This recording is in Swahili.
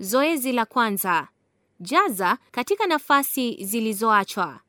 Zoezi la kwanza: jaza katika nafasi zilizoachwa.